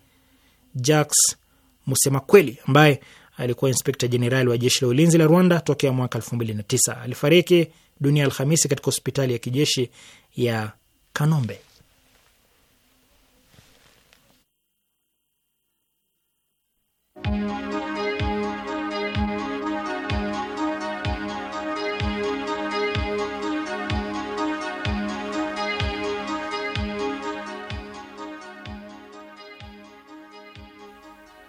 Jacques Musemakweli ambaye alikuwa inspekta jenerali wa jeshi la ulinzi la Rwanda tokea mwaka 209 Alifariki dunia Alhamisi katika hospitali ya kijeshi ya Kanombe.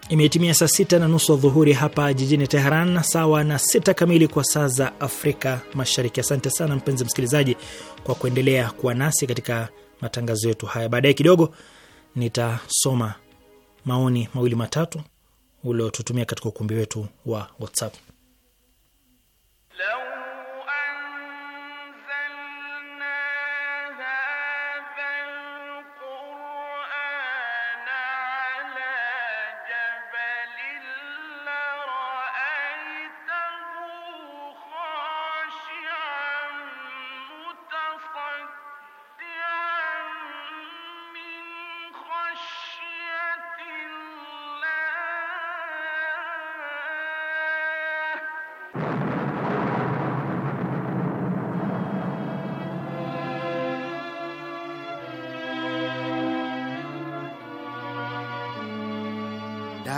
Imetimia saa sita na nusu dhuhuri hapa jijini Teheran, sawa na sita kamili kwa saa za Afrika Mashariki. Asante sana mpenzi msikilizaji kwa kuendelea kuwa nasi katika matangazo yetu haya. Baadaye kidogo nitasoma maoni mawili matatu uliotutumia katika ukumbi wetu wa WhatsApp.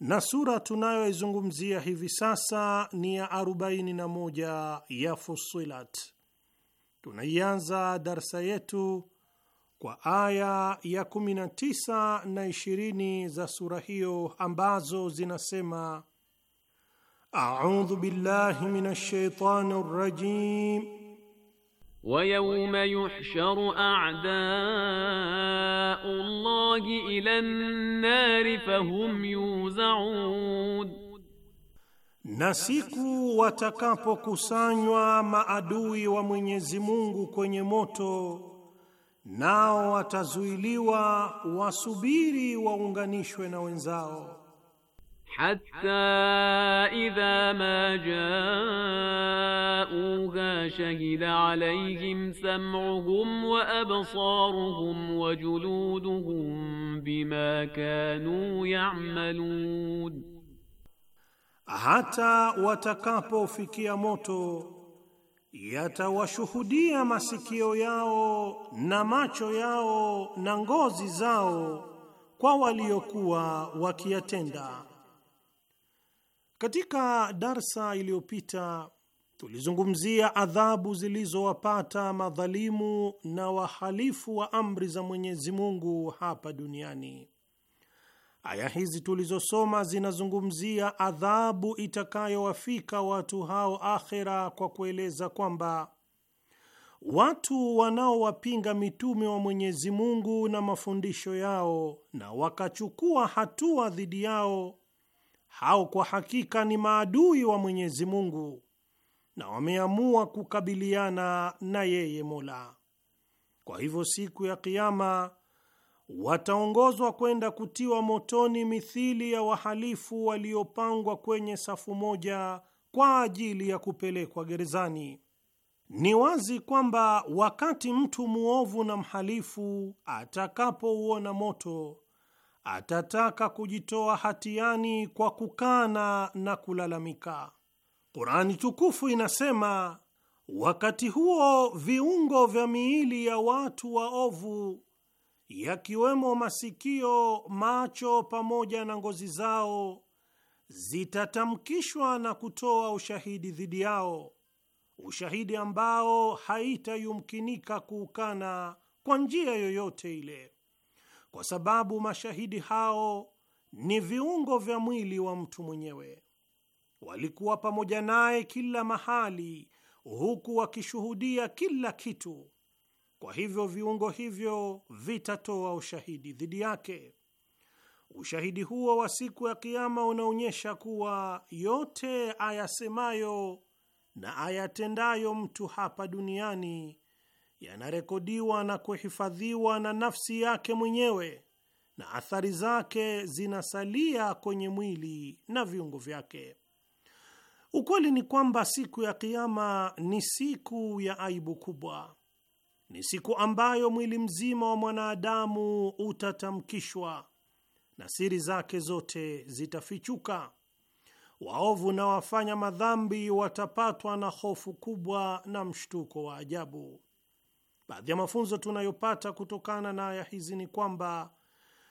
na sura tunayoizungumzia hivi sasa ni ya 41 ya Fusilat. Tunaianza darsa yetu kwa aya ya 19 na 20 za sura hiyo ambazo zinasema: audhu billahi minash shaitani rajim ويوم يحشر أعداء الله إلى النار فهم يوزعون na siku watakapokusanywa maadui wa Mwenyezi Mungu kwenye moto, nao watazuiliwa wasubiri waunganishwe na wenzao. حتى إذا ما جاءوها شهد عليهم سمعهم وأبصارهم وجلودهم بما كانوا يعملون, hata watakapofikia moto yatawashuhudia masikio yao na macho yao na ngozi zao kwa waliokuwa wakiyatenda katika darsa iliyopita tulizungumzia adhabu zilizowapata madhalimu na wahalifu wa amri za Mwenyezi Mungu hapa duniani. Aya hizi tulizosoma zinazungumzia adhabu itakayowafika watu hao akhera, kwa kueleza kwamba watu wanaowapinga mitume wa Mwenyezi Mungu na mafundisho yao na wakachukua hatua dhidi yao hao kwa hakika ni maadui wa Mwenyezi Mungu na wameamua kukabiliana na yeye Mola. Kwa hivyo siku ya Kiama wataongozwa kwenda kutiwa motoni mithili ya wahalifu waliopangwa kwenye safu moja kwa ajili ya kupelekwa gerezani. Ni wazi kwamba wakati mtu mwovu na mhalifu atakapouona moto atataka kujitoa hatiani kwa kukana na kulalamika. qurani tukufu inasema, wakati huo viungo vya miili ya watu waovu yakiwemo masikio, macho pamoja na ngozi zao zitatamkishwa na kutoa ushahidi dhidi yao, ushahidi ambao haitayumkinika kuukana kwa njia yoyote ile kwa sababu mashahidi hao ni viungo vya mwili wa mtu mwenyewe. Walikuwa pamoja naye kila mahali, huku wakishuhudia kila kitu. Kwa hivyo viungo hivyo vitatoa ushahidi dhidi yake. Ushahidi huo wa siku ya Kiama unaonyesha kuwa yote ayasemayo na ayatendayo mtu hapa duniani yanarekodiwa na kuhifadhiwa na nafsi yake mwenyewe na athari zake zinasalia kwenye mwili na viungo vyake. Ukweli ni kwamba siku ya Kiama ni siku ya aibu kubwa, ni siku ambayo mwili mzima wa mwanadamu utatamkishwa na siri zake zote zitafichuka. Waovu na wafanya madhambi watapatwa na hofu kubwa na mshtuko wa ajabu. Baadhi ya mafunzo tunayopata kutokana na aya hizi ni kwamba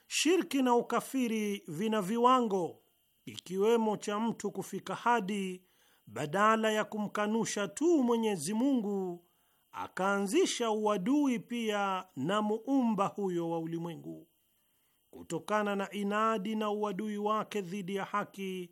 shirki na ukafiri vina viwango, ikiwemo cha mtu kufika hadi badala ya kumkanusha tu Mwenyezi Mungu akaanzisha uadui pia na muumba huyo wa ulimwengu. Kutokana na inadi na uadui wake dhidi ya haki,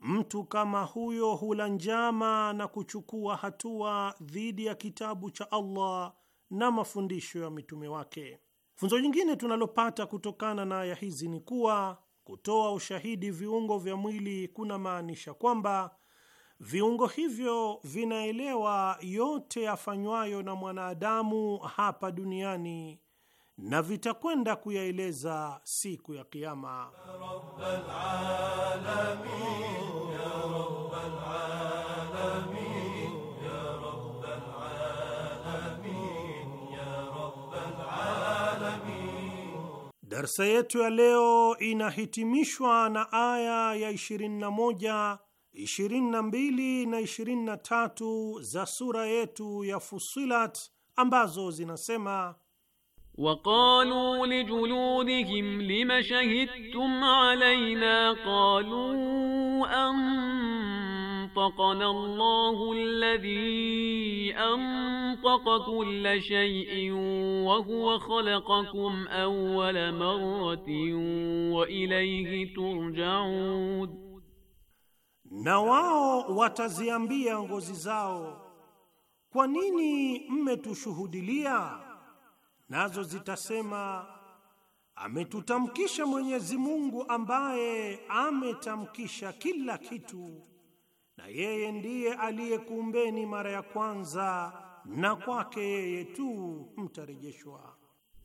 mtu kama huyo hula njama na kuchukua hatua dhidi ya kitabu cha Allah na mafundisho ya mitume wake. Funzo jingine tunalopata kutokana na aya hizi ni kuwa kutoa ushahidi viungo vya mwili kuna maanisha kwamba viungo hivyo vinaelewa yote yafanywayo na mwanadamu hapa duniani na vitakwenda kuyaeleza siku ya Kiama. Darsa yetu ya leo inahitimishwa na aya ya 21, 22 na 23 za sura yetu ya Fusilat ambazo zinasema وقالوا لجلودهم lima shahidtum علينا qalu أن أنطقنا الله الذي أنطق كل شيء وهو خلقكم أول مرة وإليه ترجعون na wao wataziambia ngozi zao, kwa nini mmetushuhudilia? Nazo zitasema ametutamkisha Mwenyezi Mungu ambaye ametamkisha kila kitu na yeye ndiye aliyekuumbeni mara ya kwanza na kwake yeye tu mtarejeshwa.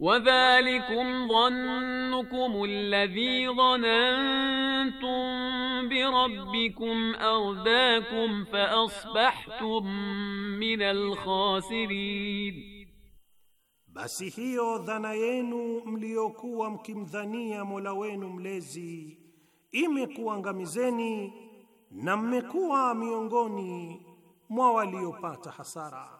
Wadhalikum dhannukum alladhi dhanantum birabbikum ardaakum faasbahtum min alkhasirin, basi hiyo dhana yenu mliyokuwa mkimdhania Mola wenu mlezi imekuangamizeni na mmekuwa miongoni mwa waliopata hasara.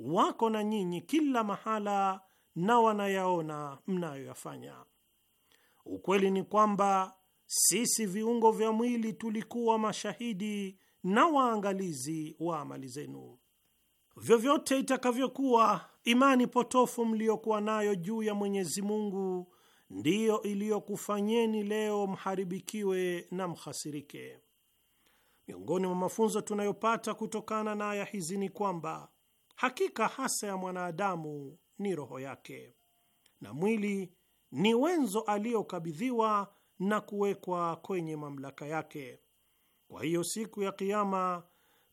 wako na nyinyi kila mahala na wanayaona mnayoyafanya. Ukweli ni kwamba sisi viungo vya mwili tulikuwa mashahidi na waangalizi wa amali zenu. Vyovyote itakavyokuwa imani potofu mliyokuwa nayo juu ya Mwenyezi Mungu ndiyo iliyokufanyeni leo mharibikiwe na mhasirike. Miongoni mwa mafunzo tunayopata kutokana na aya hizi ni kwamba Hakika hasa ya mwanadamu ni roho yake, na mwili ni wenzo aliyokabidhiwa na kuwekwa kwenye mamlaka yake. Kwa hiyo siku ya Kiama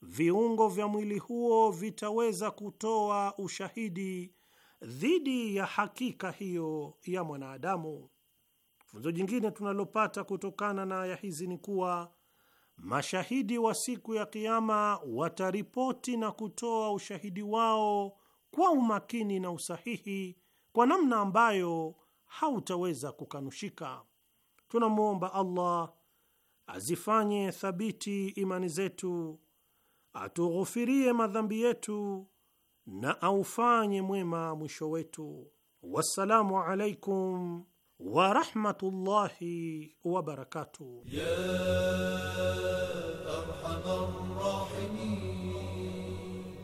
viungo vya mwili huo vitaweza kutoa ushahidi dhidi ya hakika hiyo ya mwanadamu. Funzo jingine tunalopata kutokana na aya hizi ni kuwa mashahidi wa siku ya Kiama wataripoti na kutoa ushahidi wao kwa umakini na usahihi kwa namna ambayo hautaweza kukanushika. Tunamwomba Allah azifanye thabiti imani zetu, atughufirie madhambi yetu na aufanye mwema mwisho wetu. Wassalamu alaikum ورحمة الله وبركاته يا أرحم الراحمين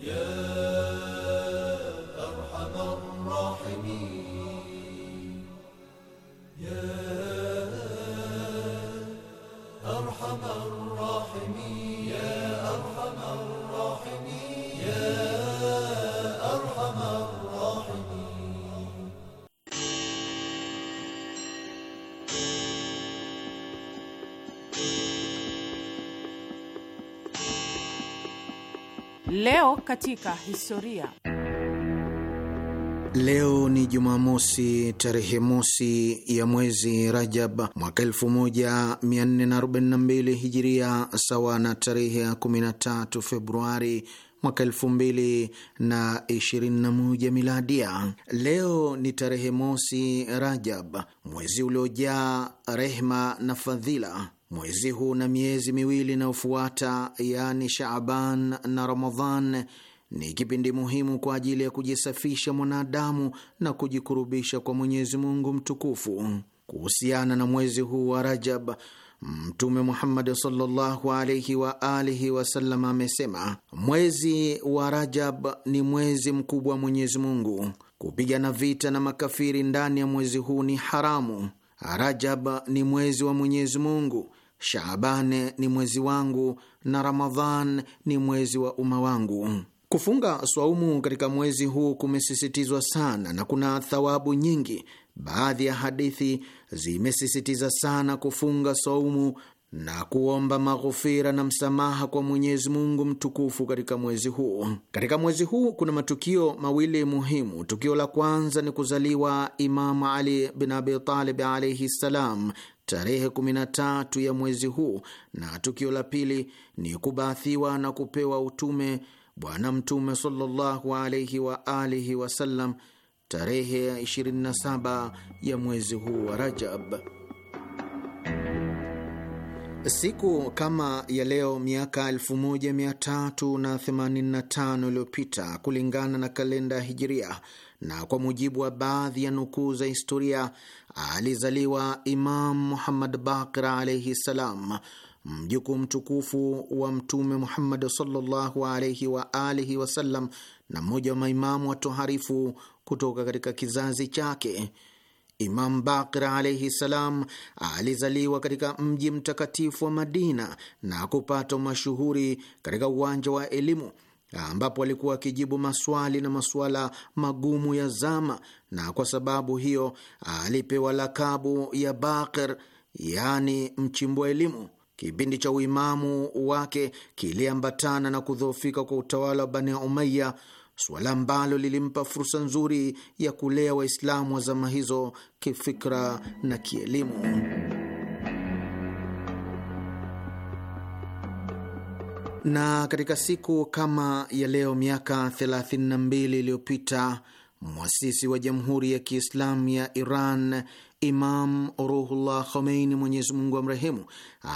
يا أرحم الراحمين يا أرحم الراحمين Leo katika historia. Leo ni Jumamosi, tarehe mosi ya mwezi Rajab mwaka 1442 Hijiria, sawa na tarehe 13 Februari mwaka elfu mbili na ishirini na moja miladia. Leo ni tarehe mosi Rajab, mwezi uliojaa rehma na fadhila Mwezi huu na miezi miwili inayofuata, yani Shaaban na Ramadhan, ni kipindi muhimu kwa ajili ya kujisafisha mwanadamu na kujikurubisha kwa Mwenyezi Mungu Mtukufu. Kuhusiana na mwezi huu wa Rajab, Mtume Muhammad sallallahu alaihi wa alihi wasallam amesema, mwezi wa Rajab ni mwezi mkubwa wa Mwenyezi Mungu. Kupigana vita na makafiri ndani ya mwezi huu ni haramu. Rajab ni mwezi wa Mwenyezi Mungu Shaabane ni mwezi wangu na Ramadhan ni mwezi wa umma wangu. Kufunga swaumu katika mwezi huu kumesisitizwa sana na kuna thawabu nyingi. Baadhi ya hadithi zimesisitiza sana kufunga swaumu na kuomba maghufira na msamaha kwa Mwenyezi Mungu mtukufu katika mwezi huu. Katika mwezi huu kuna matukio mawili muhimu. Tukio la kwanza ni kuzaliwa Imamu Ali bin Abi Talib alaihi ssalam tarehe 13 ya mwezi huu, na tukio la pili ni kubaathiwa na kupewa utume Bwana Mtume sallallahu alaihi wa alihi wasallam tarehe ya 27 ya mwezi huu wa Rajab. Siku kama ya leo miaka 1385 iliyopita kulingana na kalenda Hijiria na kwa mujibu wa baadhi ya nukuu za historia alizaliwa Imam Muhammad Baqir alaihi ssalam, mjukuu mtukufu wa Mtume Muhammad sallallahu alaihi wa alihi wasallam na mmoja wa maimamu watoharifu kutoka katika kizazi chake. Imam Bakir alaihi salam alizaliwa katika mji mtakatifu wa Madina na kupata mashuhuri katika uwanja wa elimu ambapo alikuwa akijibu maswali na masuala magumu ya zama, na kwa sababu hiyo alipewa lakabu ya Bakir, yaani mchimbwa elimu. Kipindi cha uimamu wake kiliambatana na kudhoofika kwa utawala wa Bani Umaya, suala ambalo lilimpa fursa nzuri ya kulea Waislamu wa zama hizo kifikra na kielimu. Na katika siku kama ya leo miaka 32 iliyopita mwasisi wa Jamhuri ya Kiislamu ya Iran Imam Ruhullah Khomeini, Mwenyezi Mungu mrehemu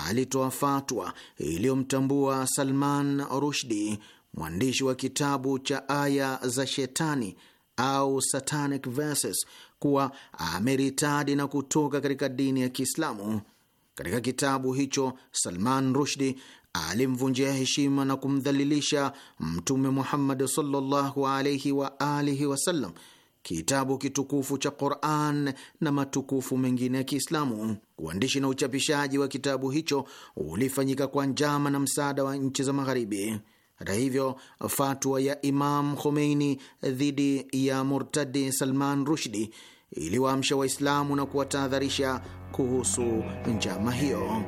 alitoa fatwa iliyomtambua Salman Rushdi, mwandishi wa kitabu cha Aya za Shetani au Satanic Verses, kuwa ameritadi na kutoka katika dini ya Kiislamu. Katika kitabu hicho Salman Rushdi alimvunjia heshima na kumdhalilisha Mtume Muhammad sallallahu alaihi wa alihi wasallam, kitabu kitukufu cha Quran na matukufu mengine ya Kiislamu. Uandishi na uchapishaji wa kitabu hicho ulifanyika kwa njama na msaada wa nchi za Magharibi. Hata hivyo, fatwa ya Imam Khomeini dhidi ya murtadi Salman Rushdi iliwaamsha Waislamu na kuwatahadharisha kuhusu njama hiyo.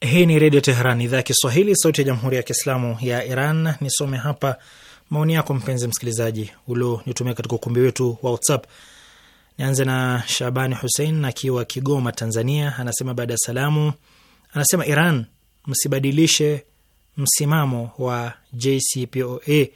Hii ni Redio Teheran, idhaa ya Kiswahili, sauti ya Jamhuri ya Kiislamu ya Iran. Nisome hapa maoni yako mpenzi msikilizaji ulionitumia katika ukumbi wetu wa WhatsApp. Nianze na Shabani Hussein akiwa Kigoma, Tanzania. Anasema baada ya salamu, anasema Iran msibadilishe msimamo wa JCPOA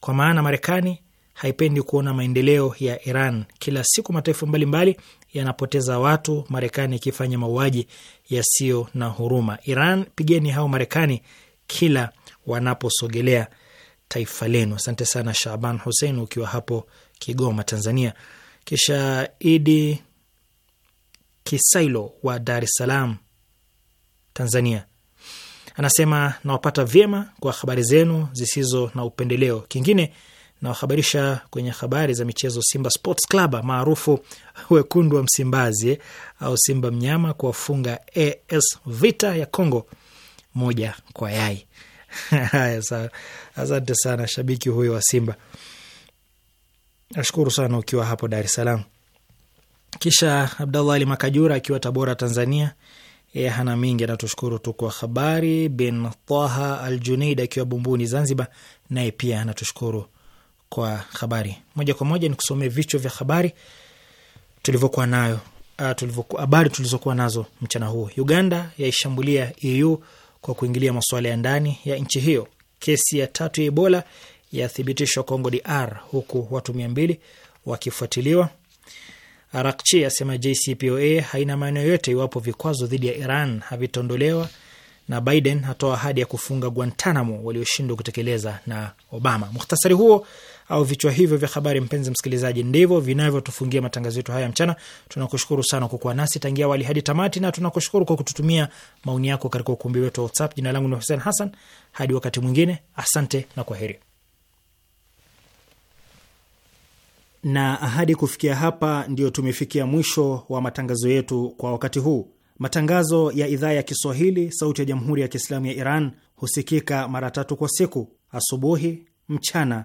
kwa maana Marekani haipendi kuona maendeleo ya Iran. Kila siku mataifa mbalimbali mbali yanapoteza watu, Marekani ikifanya mauaji yasiyo na huruma. Iran, pigeni hao Marekani kila wanaposogelea taifa lenu. Asante sana Shaban Hussein ukiwa hapo Kigoma, Tanzania. Kisha Idi Kisailo wa Dar es Salaam, Tanzania anasema nawapata vyema kwa habari zenu zisizo na upendeleo. Kingine nawahabarisha kwenye habari za michezo. Simba Sports Club maarufu wekundu wa Msimbazi au Simba mnyama kuwafunga AS Vita ya Congo moja kwa yai. Haya, asante sana shabiki huyo wa Simba, nashukuru sana ukiwa hapo Dar es Salaam. Kisha Abdallah Ali Makajura akiwa Tabora, Tanzania, yeye hana mingi, anatushukuru tu kwa habari. Bin Taha Al Juneid akiwa Bumbuni, Zanzibar, naye pia anatushukuru kwa habari. Moja kwa moja nikusomee vichwa vya habari tulivyokuwa nayo ah, habari tulizokuwa nazo mchana huo. Uganda yaishambulia EU kwa kuingilia masuala ya ndani ya nchi hiyo. Kesi ya tatu ya Ebola yathibitishwa Congo DR, huku watu mia mbili wakifuatiliwa. Arakchi asema JCPOA haina maeneo yote iwapo vikwazo dhidi ya Iran havitaondolewa, na Biden hatoa ahadi ya kufunga Guantanamo walioshindwa kutekeleza na Obama. Mukhtasari huo au vichwa hivyo vya habari, mpenzi msikilizaji, ndivyo vinavyotufungia matangazo yetu haya mchana. Tunakushukuru sana kwa kuwa nasi tangia awali hadi tamati, na tunakushukuru kwa kututumia maoni yako katika ukumbi wetu wa WhatsApp. Jina langu ni Hussein Hassan, hadi wakati mwingine, asante na kwa heri. Na ahadi kufikia hapa, ndiyo tumefikia mwisho wa matangazo yetu kwa wakati huu. Matangazo ya idhaa ya Kiswahili sauti ya jamhuri ya Kiislamu ya Iran husikika mara tatu kwa siku: asubuhi, mchana